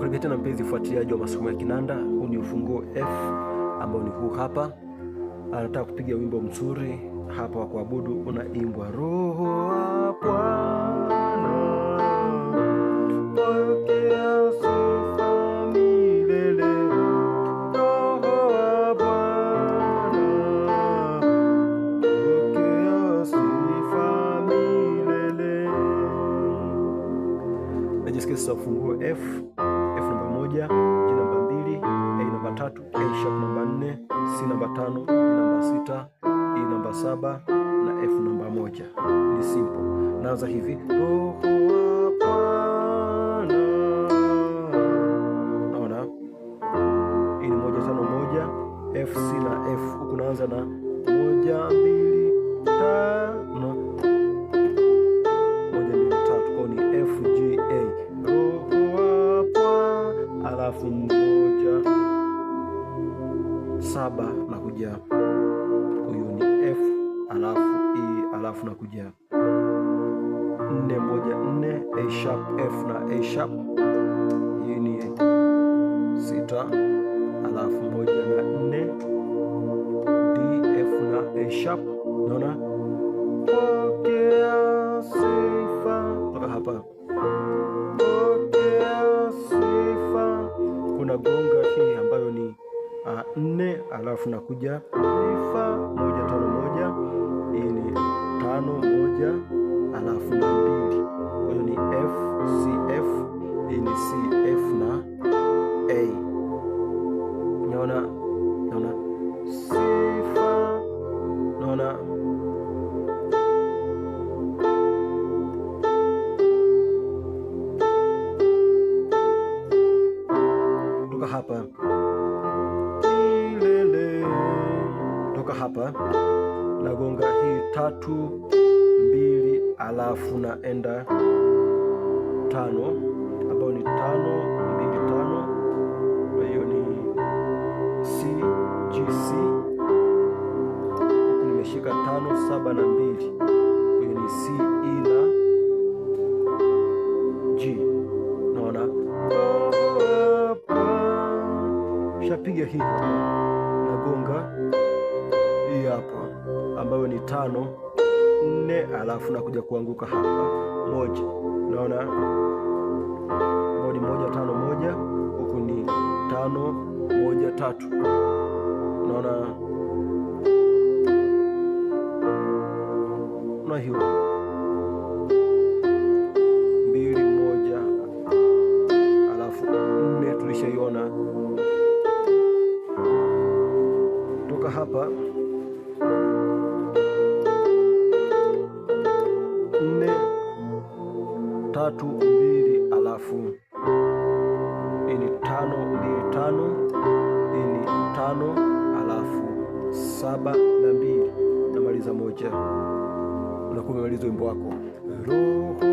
Nakukaribia tena mpenzi mfuatiliaji wa masomo ya kinanda. Huu ni ufunguo F ambao ni huu hapa. Anataka kupiga wimbo mzuri hapa wa kuabudu, unaimbwa roho wa ufunguo F moja, G namba mbili, A namba tatu, A sharp namba nne, C namba tano, D namba sita, E namba saba na F namba moja. Ni simple. Naanza hivi naona hii e ni moja tano moja, F C na F huku naanza na moja alafu moja saba na kuja huyu ni F alafu E alafu na kuja nne moja nne A sharp F na A sharp, hii ni sita alafu moja na nne D F na A sharp. Naona pokea sifa toka hapa unagonga hii ambayo ni ah, nne, alafu nakuja ifa moja tano moja, hii ni tano moja, alafu na mbili. Kwa hiyo ni F C F, hii ni C F na A. Unaona? toka hapa toka hapa nagonga hii tatu mbili, alafu naenda tano, ambayo ni tano mbili tano, kwa hiyo ni C G C shapiga hii nagonga hii hapa ambayo ni tano nne, alafu nakuja kuanguka hapa moja. Naona ambao ni moja tano moja, huku ni tano moja tatu. Naona na hiyo hapa nne tatu mbili, alafu ini tano mbili tano, ini tano, alafu saba na mbili, namaliza moja, unakuwa umemaliza wimbo wako.